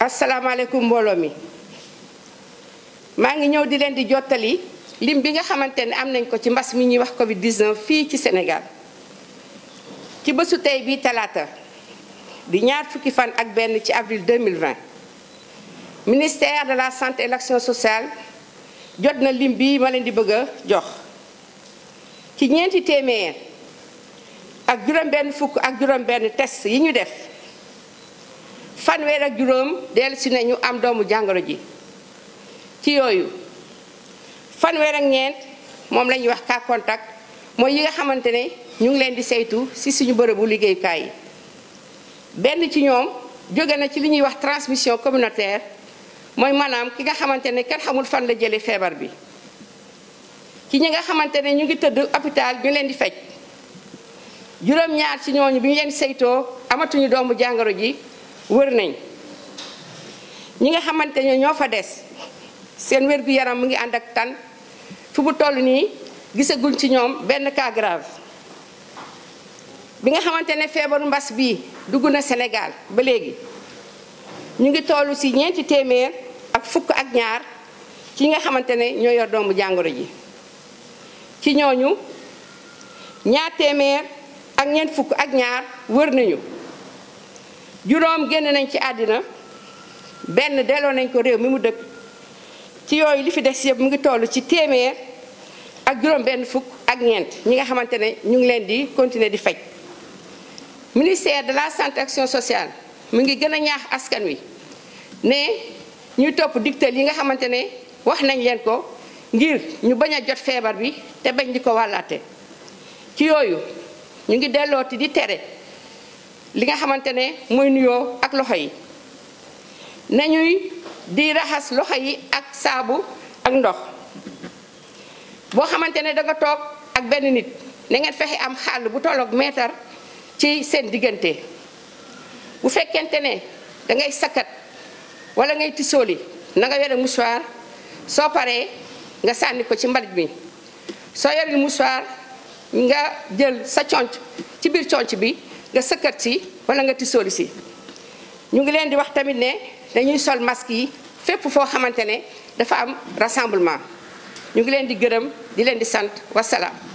asalaamaaleykum mbooloo mi maa ngi ñëw di leen di jottali lim bi nga xamante ni am nañ ko ci mbas mi ñuy wax Covid fii ci Sénégal ci bësu tey bii talaata di ñaar fukki fan ak benn ci avril 2020 ministère de la santé et l'action sociale jot na lim bi ma leen di bëgg a jox ci ñeenti téeméer ak juróom-benn fukk ak juróom-benn test yi ñu def. fanweer ak juróom dellusi nañu am doomu jangoro ji ci yoyu fanweer ak ñeent mom lañuy wax ka contact moy yi nga xamantene ñu ngi leen di seytu ci suñu bërebu liggéey kay benn ci ñoom joge na ci li ñuy wax transmission communautaire moy manam ki nga xamantene ne xamul fan la jëlé fièvre bi ci ñi nga xamantene ñu ngi tëdd hôpital ñu leen di juroom ñaar ci ñoñu bi ñu leen amatuñu doomu jangoro ji wër nañ ñi nga xamante ne ñoo fa des seen wér-gu-yaram mu ngi ànd ak tan fu bu toll nii gisaguñ ci ñoom benn cas bi nga xamante ne feebaru mbas bii dugg na senegaal ba léegi ñu ngi tollu ci ñeenti téeméer ak fukk ak ñaar ci nga xamante ne ñoo yor doomu jàngoro ji ci ñooñu ñaar téeméer ak ñeent fukk ak ñaar wër nañu juróom génn nañ ci àddina benn delloo nañ ko réew mi mu dëkk ci yooyu li fi des yëpp mu ngi toll ci téeméer ak juróom benn fukk ak ñeent ñi nga xamante ne ñu ngi leen di continuer di faj ministère de la santé action sociale mu ngi gën a ñaax askan wi ne ñuy topp digtal yi nga xamante ne wax nañ leen ko ngir ñu bañ a jot feebar bi te bañ di ko wàllaate ci yooyu ñu ngi dellooti di tere li nga xamante ne mooy nuyoo ak loxo yi nañuy di raxas loxo yi ak saabu ak ndox boo xamante ne danga toog ak benn nit na ngeen fexe am xàll bu tolloog meetar ci seen diggante bu fekkente ne dangay sakkat wala ngay tisooli na nga yore mouchoir soo paree nga sànni ko ci mbarit mi soo yore mouchoir nga jël sa conc ci biir conc bi nga sëkkat si wala nga tisooli si ñu ngi leen di wax tamit ne dañuy sol masque yi fépp foo xamante ne dafa am rassemblement ñu ngi leen di gërëm di leen di sant wasalaam